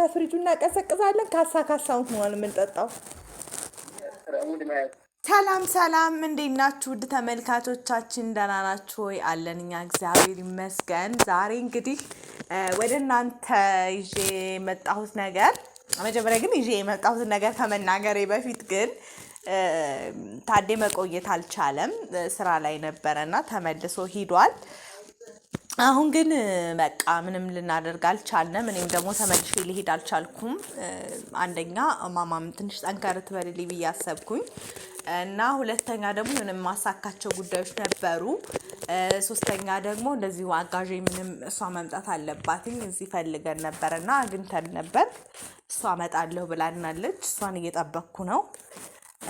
ከፍሪጁ እናቀሰቅሳለን። ካሳ ካሳውን ሆኗል የምንጠጣው። ሰላም ሰላም፣ እንዴት ናችሁ ውድ ተመልካቾቻችን? ደህና ናችሁ ወይ? አለን እኛ እግዚአብሔር ይመስገን። ዛሬ እንግዲህ ወደ እናንተ ይዤ የመጣሁት ነገር መጀመሪያ ግን ይዤ የመጣሁት ነገር ከመናገሬ በፊት ግን ታዴ መቆየት አልቻለም፣ ስራ ላይ ነበረ ነበረና ተመልሶ ሂዷል። አሁን ግን በቃ ምንም ልናደርግ አልቻልንም። እኔም ደግሞ ተመልሼ ሊሄድ አልቻልኩም። አንደኛ ማማም ትንሽ ጠንከር ትበልልኝ ብዬ አሰብኩኝ እና ሁለተኛ ደግሞ ምንም ማሳካቸው ጉዳዮች ነበሩ። ሶስተኛ ደግሞ እንደዚሁ አጋዥ ምንም እሷ መምጣት አለባትኝ እዚህ ፈልገን ነበር እና አግኝተን ነበር። እሷ እመጣለሁ ብላናለች። እሷን እየጠበቅኩ ነው።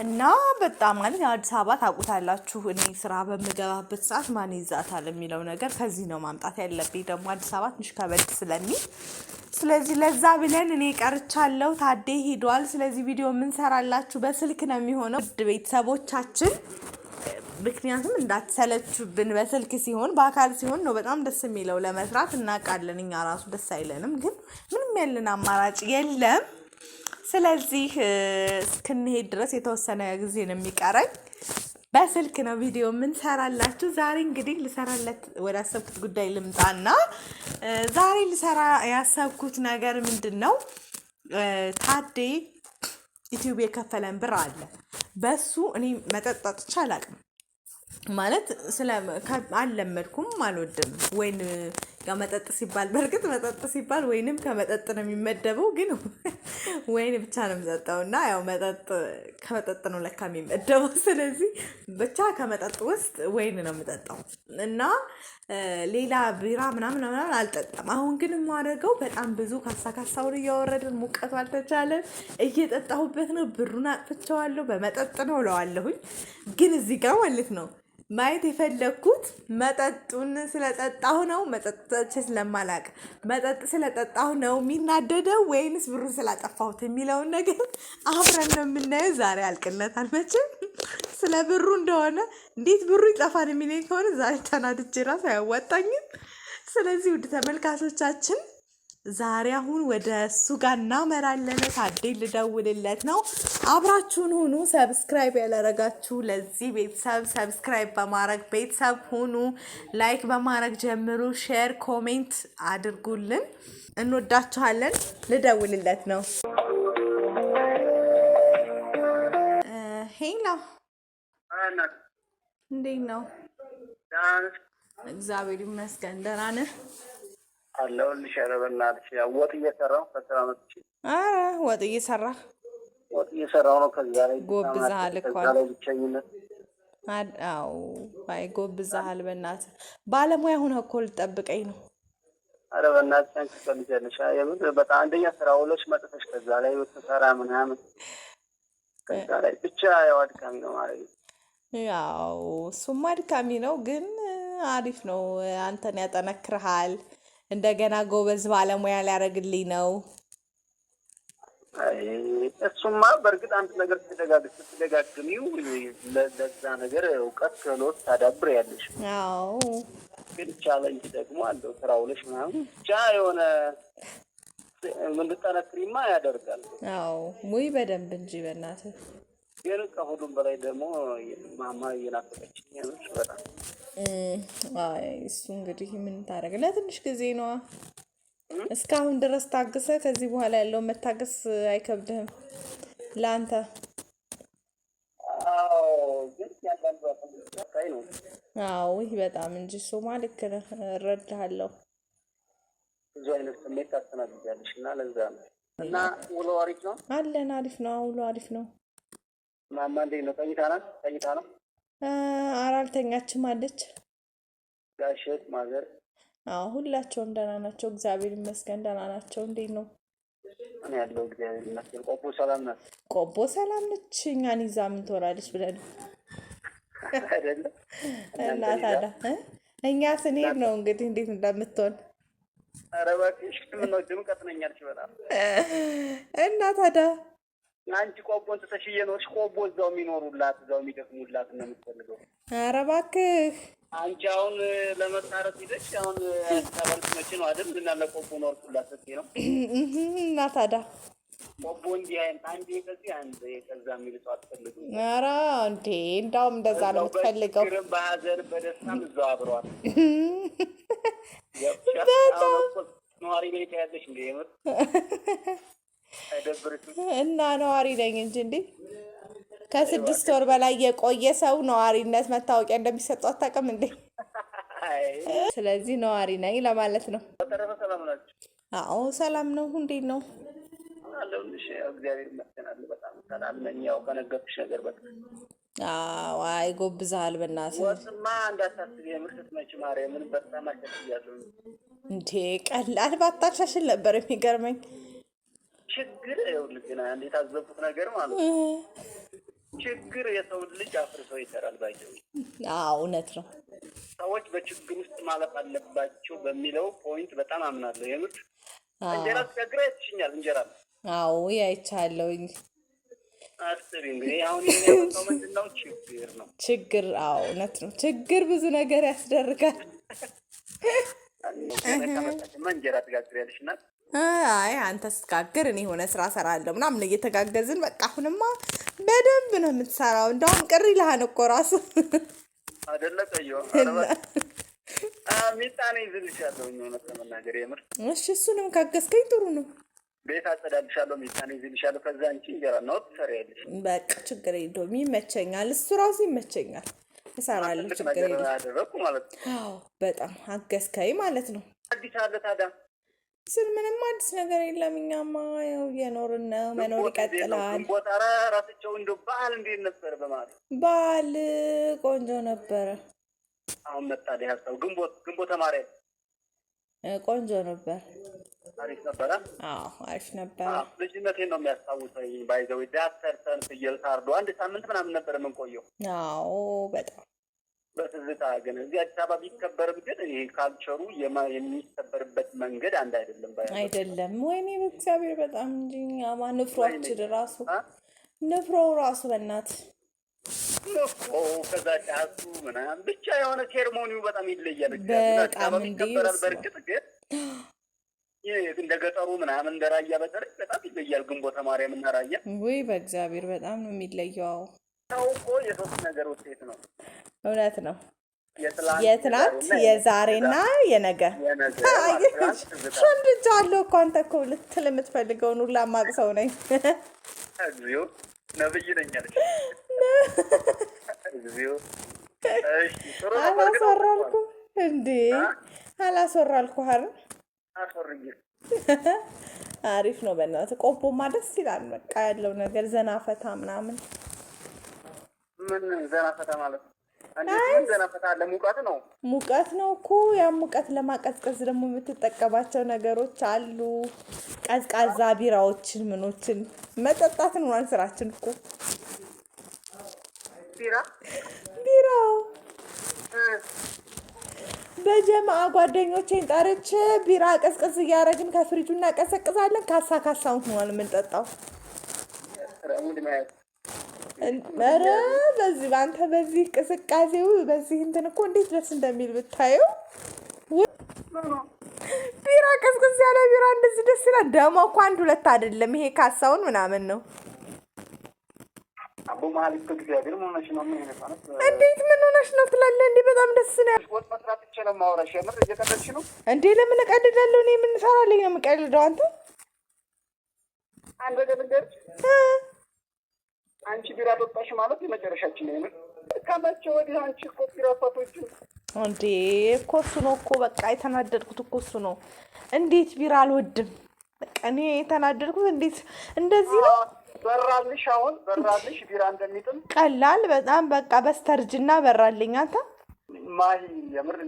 እና በጣም ማለት አዲስ አበባ ታውቁታላችሁ። እኔ ስራ በምገባበት ሰዓት ማን ይዛታል የሚለው ነገር ከዚህ ነው ማምጣት ያለብኝ። ደግሞ አዲስ አበባ ትንሽ ከበድ ስለሚል ስለዚህ ለዛ ብለን እኔ ቀርቻለሁ። ታዴ ሂዷል። ስለዚህ ቪዲዮ የምንሰራላችሁ በስልክ ነው የሚሆነው ውድ ቤተሰቦቻችን ምክንያቱም እንዳትሰለችብን በስልክ ሲሆን በአካል ሲሆን ነው በጣም ደስ የሚለው ለመስራት። እናውቃለን፣ እኛ ራሱ ደስ አይለንም፣ ግን ምንም ያለን አማራጭ የለም። ስለዚህ እስክንሄድ ድረስ የተወሰነ ጊዜ ነው የሚቀረኝ። በስልክ ነው ቪዲዮ የምንሰራላችሁ። ዛሬ እንግዲህ ልሰራለት ወደ አሰብኩት ጉዳይ ልምጣና ዛሬ ልሰራ ያሰብኩት ነገር ምንድን ነው? ታዴ ኢትዮጵያ የከፈለን ብር አለ። በሱ እኔ መጠጥ ጠጥቼ አላቅም ማለት አልለመድኩም፣ አልወድም ወይን ያው መጠጥ ሲባል በእርግጥ መጠጥ ሲባል ወይንም ከመጠጥ ነው የሚመደበው፣ ግን ወይን ብቻ ነው የምጠጣው እና ያው መጠጥ ከመጠጥ ነው ለካ የሚመደበው። ስለዚህ ብቻ ከመጠጥ ውስጥ ወይን ነው የምጠጣው እና ሌላ ቢራ ምናምን ምናምን አልጠጣም። አሁን ግን የማደርገው በጣም ብዙ ካሳ ካሳውን እያወረድን ሙቀቱ አልተቻለም እየጠጣሁበት ነው፣ ብሩን አጥፍቼዋለሁ፣ በመጠጥ ነው እለዋለሁኝ። ግን እዚህ ጋር ማለት ነው ማየት የፈለግኩት መጠጡን ስለጠጣሁ ነው፣ መጠጦች ስለማላቅ መጠጥ ስለጠጣሁ ነው የሚናደደው ወይንስ ብሩን ስላጠፋሁት የሚለውን ነገር አብረን ነው የምናየው። ዛሬ አልቅነት አልመችም ስለ ብሩ እንደሆነ እንዴት ብሩ ይጠፋን የሚለኝ ከሆነ ዛሬ ተናድጄ ራሱ አያዋጣኝም። ስለዚህ ውድ ተመልካቾቻችን ዛሬ አሁን ወደ እሱ ጋር እናመራለን። ታዴ ልደውልለት ነው። አብራችሁን ሁኑ። ሰብስክራይብ ያላረጋችሁ ለዚህ ቤተሰብ ሰብስክራይብ በማድረግ ቤተሰብ ሁኑ። ላይክ በማድረግ ጀምሩ። ሼር፣ ኮሜንት አድርጉልን። እንወዳችኋለን። ልደውልለት ነው። ሄላ እንዴት ነው? እግዚአብሔር ይመስገን። ደህና ነህ? አለሁልሽ። ኧረ በእናትሽ ወጥ እየሰራሁ ከስራ መጥቼ፣ ኧረ ወጥ እየሰራ ወጥ እየሰራሁ ነው። ከዛ ላይ ጎብዛሃል እኮ ብቸኝነት። አዎ አይ ጎብዛሃል። በእናትህ ባለሙያ ሁነህ እኮ ልጠብቀኝ ነው። ኧረ በእናትሽ በጣም አንደኛ ስራ መጥተሽ ከዛ ላይ ብትሰራ ምናምን፣ ከዛ ላይ ብቻ ያው አድካሚ ነው ማለት ነው። ያው አድካሚ ነው፣ ግን አሪፍ ነው። አንተን ያጠነክርሃል። እንደገና ጎበዝ ባለሙያ ሊያደርግልኝ ነው። እሱማ በእርግጥ አንድ ነገር ስትደጋግሚው ለዛ ነገር እውቀት ክህሎት ታዳብሪያለሽ። ግን ቻለንጅ ደግሞ አለው ስራውለሽ ውለሽ ምናምን ብቻ የሆነ እንድጠነክሪማ ያደርጋል። አዎ ሙይ በደንብ እንጂ በእናትህ ግን በላይ ደግሞ ማማ እየናፈቀችኝ በጣም እሱ እንግዲህ ምን ታደርግ፣ ለትንሽ ጊዜ ነዋ። እስካሁን ድረስ ታግሰ፣ ከዚህ በኋላ ያለውን መታገስ አይከብድህም ለአንተ። አዎ ይህ በጣም እንጂ ልክ ነህ፣ እረዳሃለሁ። ብዙ አይነት ስሜት ታስተናግጃለሽ እና ለዛ ነው እና ውሎ አሪፍ ነው አለን። አሪፍ ነው ውሎ አሪፍ ነው። ማማ እንዴት ነው? ተኝታ ናት? ተኝታ ነው? ኧረ አልተኛችም አለች። ጋሸት ማዘር? አዎ ሁላቸውም ደህና ናቸው፣ እግዚአብሔር ይመስገን ደህና ናቸው። እንዴት ነው ያለው? እግዚአብሔር ይመስገን። ቆቦ ሰላም ናት? ቆቦ ሰላም ነች። እኛን ይዛ ምን ትሆናለች ብለን አይደለም እና ታዲያ እኛ ስንሄድ ነው እንግዲህ እንዴት እንደምትሆን ኧረ እባክሽ ምነው ድምቀት ነኛልች በጣም እና ታዲያ አንቺ ቆቦን ትተሽ እየኖርሽ ቆቦ እዛው የሚኖሩላት እዛው የሚደክሙላት ነው የምትፈልገው? ኧረ እባክህ አንቺ አሁን ለመታረቅ ሂደሽ አሁን ተበልት መቼ ነው አይደል? እና ቆቦ ኖርኩላት ስ ነው። እና ታዲያ ቆቦ እንዲህ አይነት አንዴ ከዚህ አንድ ከዛ የሚል ሰው አትፈልግም። ኧረ እንዴ እንዳውም እንደዛ ነው የምትፈልገው። በሀዘን በደስታም እዛው አብረዋል። በጣም ነዋሪ ቤት ያለሽ እንደ ምር እና ነዋሪ ነኝ እንጂ እንዴ ከስድስት ወር በላይ የቆየ ሰው ነዋሪነት መታወቂያ እንደሚሰጠው አታውቅም እንዴ? ስለዚህ ነዋሪ ነኝ ለማለት ነው። አዎ ሰላም ነው። እንዴት ነው? አዎ አይ ጎብዝሃል፣ በእናትህ እንዴ ቀላል ባታሻሽል ነበር የሚገርመኝ ችግር ይኸውልህ፣ አንድ የታዘብኩት ነገር ማለት ነው ችግር የሰው ልጅ አፍርሶ ይሰራል። ባይ እውነት ነው። ሰዎች በችግር ውስጥ ማለፍ አለባቸው በሚለው ፖይንት በጣም አምናለሁ። የምር እንጀራ ስጋግራ ያትሽኛል እንጀራ አዎ፣ ያይቻለውኝ አስቢ እንግዲህ አሁን የሚያመጣው ምንድን ችግር ነው። ችግር አዎ፣ እውነት ነው። ችግር ብዙ ነገር ያስደርጋል። እንጀራ ስጋግር ያልሽናል አይ አንተ ስጋግር እኔ የሆነ ስራ ሰራለሁ ምናምን እየተጋገዝን በቃ አሁንማ በደንብ ነው የምትሰራው። እንደውም ቅር ይልሃል እኮ ራሱ እሺ፣ እሱንም ካገዝከኝ ጥሩ ነው። ቤት አጸዳልሻለሁ፣ ሚጣኔ ይዝልሻለሁ። ከዛ አንቺ እንጀራ ነው ትሰሪያለሽ። በቃ ችግር የለውም ይመቸኛል። እሱ ራሱ ይመቸኛል፣ እሰራለሁ። ችግር የለውም። በጣም አገዝከኝ ማለት ነው። አዲስ አለ ታዲያ ስል ምንም አዲስ ነገር የለም። እኛማ ያው እየኖርን ነው፣ መኖር ይቀጥላል። ራሳቸው እንደ በዓል እንዴት ነበር? በማለት በዓል ቆንጆ ነበረ። አሁን መጣ ሀሳብ ግንቦት ግንቦት ተማሪ ቆንጆ ነበር፣ አሪፍ ነበረ። አዎ አሪፍ ነበረ። ልጅነቴን ነው የሚያስታውሰኝ። ባይዘዊ ዳሰርሰን ፍየል ታርዶ አንድ ሳምንት ምናምን ነበር የምንቆየው። አዎ በጣም በትዝታ ግን እዚህ አዲስ አበባ ቢከበርም ግን ይህ ካልቸሩ የሚከበርበት መንገድ አንድ አይደለም አይደለም። ወይኔ በእግዚአብሔር በጣም እንጂ አማ ንፍሯችን ራሱ ንፍሮው ራሱ በእናት ንፍሮ ከዛ ጫሱ ምናምን ብቻ የሆነ ሴርሞኒው በጣም ይለያል። በጣም ይከበራል። በእርግጥ ግን እንደ ገጠሩ ምናምን እንደ ራያ በተለይ በጣም ይለያል። ግንቦተ ማርያም እና ራያ ወይ በእግዚአብሔር በጣም ነው የሚለየው። ሰው እኮ የሶስት ነገር ውጤት ነው። እውነት ነው። የትናንት የዛሬና የነገ ሸምድጃ አለው እኮ አንተ እኮ ልትል የምትፈልገውን ሁላ ማቅ ሰው ነኝ። እግዚኦ ነብይ ነኝ አላስወራልኩ እንዴ አላስወራልኩ ሀር አሪፍ ነው። በእናትህ ቆቦማ ደስ ይላል። በቃ ያለው ነገር ዘና ፈታ ምናምን ምን ዘና ፈታ ማለት ነው? ምን ዘና ፈታ ሙቀት ነው ሙቀት ነው እኮ ያም ሙቀት ለማቀዝቀዝ ደግሞ የምትጠቀማቸው ነገሮች አሉ። ቀዝቃዛ ቢራዎችን ምኖችን መጠጣት ሆኗል ስራችን እኮ ቢራ ቢራው በጀማአ ጓደኞቼን ጠርቼ ቢራ ቀዝቀዝ እያደረግን ከፍሪጁ እናቀዘቅዛለን። ካሳ ካሳውን ሆኗል የምንጠጣው ኧረ በዚህ በአንተ በዚህ ቅስቃሴው በዚህ እንትን እኮ እንዴት ደስ እንደሚል ብታየው። ቢራ ቀዝቅዝ ያለ ቢራ እንደዚህ ደስ ይላል። ደግሞ እኮ አንድ ሁለት አይደለም ይሄ ካሳውን ምናምን ነው። እንዴት ምን ሆነሽ ነው ትላለህ? እንዴ በጣም ደስ ነው። እንዴ ለምን እቀልዳለሁ እኔ? የምንሰራልኝ ነው የምቀልደው አንተ አንቺ ቢራ ጠጣሽ ማለት የመጨረሻችን ነው። ከመቼ ወዲህ አንቺ እኮ ቢራ ፋቶች እንዴ እኮ እሱ ነው እኮ በቃ የተናደድኩት እኮ እሱ ነው። እንዴት ቢራ አልወድም በቃ እኔ የተናደድኩት እንዴት እንደዚህ ነው። በራልሽ አሁን በራልሽ ቢራ እንደሚጥም ቀላል በጣም በቃ በስተርጅና በራልኝ። አንተ ማሂ የምር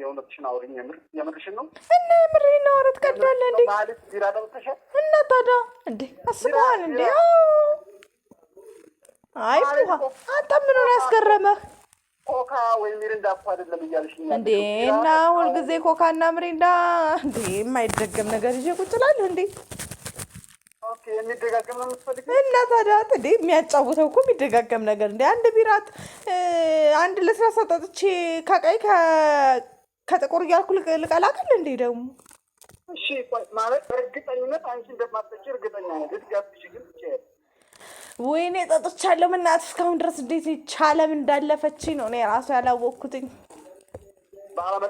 የእውነትሽን አውሪኝ። የምር የምርሽን ነው እና የምር ነው አውረት ቀዳለ እንዴ ማለት ቢራ ጠጥተሻል እና ታዲያ እንዴ አስበዋል እንዴ አይ ፍትሀ አንተ ያስገረመህ? ኮካ ወይ ሚሪንዳ እኮ አይደለም እያልሽኝ እንዴ? እና ሁልጊዜ ኮካ እና እንዴ? የማይደገም ነገር ይዤ ቁጭ እላለሁ እንዴ? እና ታዲያ የሚያጫውተው እኮ የሚደጋገም ነገር እንዴ? አንድ ቢራት አንድ ለስላሳ ጠጥቼ ከቀይ ከጥቁር እያልኩ ልቀላቅል እንዴ ደግሞ እሺ ማለት እርግጠኝነት አንቺ እንደማትጠጪ እርግጠኛ ነኝ። ልትጋብሽ ግን ትችያለሽ ወይኔ ጠጥቻለሁ። ምናት እስካሁን ድረስ እንዴት ይቻለም እንዳለፈች ነው እኔ ራሱ ያላወቅኩትኝ። በጣም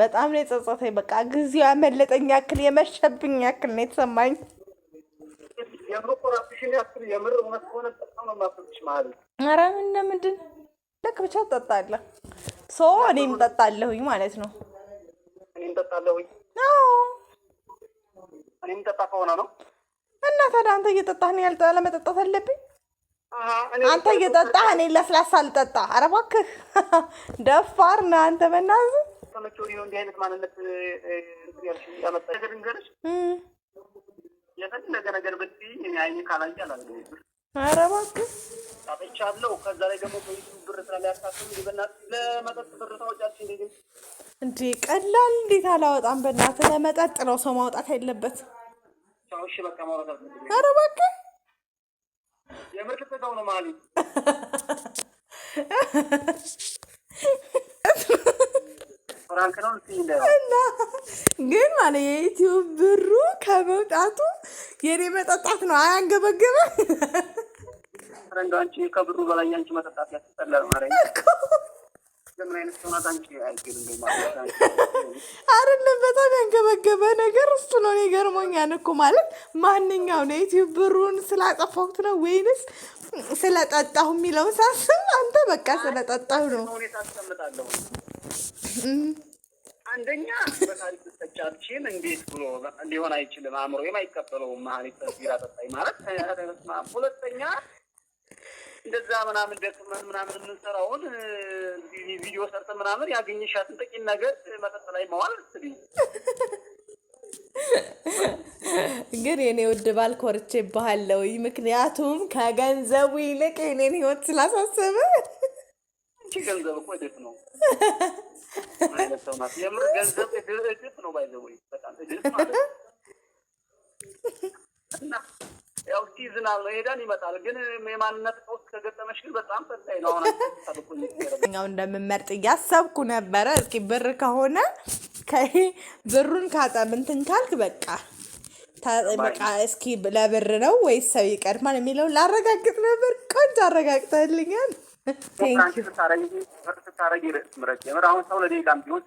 በጣም ነው የጸጸተኝ። በቃ ጊዜው ያመለጠኝ ያክል የመሸብኝ ያክል ነው የተሰማኝ። ኧረ ምንድን ልክ ብቻ ትጠጣለህ። ሶ እኔም ጠጣለሁኝ ማለት ነው። እኔም ጠጣለሁኝ። እኔም ጠጣ ከሆነ ነው እና ታዲያ አንተ እየጠጣህ ያልጠ ለመጠጣት አለብኝ? አንተ እየጠጣህ እኔ ለስላሳ አልጠጣ? ኧረ እባክህ ደፋር ነህ አንተ። በእናትህ ኧረ እባክህ ከዛ ላይ ደግሞ ብር ስለሚያሳስብ ለመጠጥ ብር ታወጫለሽ። እንዴ ቀላል እንዴት አላወጣም። በእናትህ ለመጠጥ ነው ሰው ማውጣት ያለበት። ኧረ እባክህ እና ግን ማለት የዩትዩብ ብሩ ከመውጣቱ የኔ መጠጣት ነው። አያንገበገበ ከብሩ በላይ ያንቺ መጠጣት ያስጠላል ማለት ነው። አይደለም በጣም ያንገበገበ ነገር እሱ ነው። እኔ ገርሞኛል እኮ ማለት ማንኛው ነው ዩቲዩብ ብሩን ስላጠፋሁት ነው ወይንስ ስለጠጣሁ የሚለው ሳስብ፣ አንተ በቃ ስለጠጣሁ ነው። አንደኛ በታሪክ ተጫችን እንዴት ብሎ ሊሆን አይችልም። አእምሮዬም አይቀበለውም ማለት ሁለተኛ እንደዛ ምናምን ደክመን ምናምን የምንሰራውን ቪዲዮ ሰርተ ምናምን ያገኘሻትን ጥቂት ነገር መጠጥ ላይ መዋል ግን የኔ ውድ ባል ኮርቼ ኮርቼብሃለሁ። ምክንያቱም ከገንዘቡ ይልቅ የኔን ህይወት ስላሳሰበ ገንዘብ እኮ እድፍ ነው። የምር ገንዘብ እድፍ ነው። ባይዘ በጣም እድፍ ማለት ያው ሲዝናል ነው ሄዳን ይመጣል። ግን የማንነት ቀውስ ከገጠመሽ ግን በጣም ፈታኝ ነው። አሁን እንደምመርጥ እያሰብኩ ነበረ። እስኪ ብር ከሆነ ብሩን ካጠምንትን ካልክ በቃ እስኪ ለብር ነው ወይስ ሰው ይቀድማል የሚለው ላረጋግጥ ነበር። ቆንጆ አረጋግጠልኛል። ታረጊ ስታረጊ ምረጭ የምር አሁን ሰው ለደቂቃም ቢሆን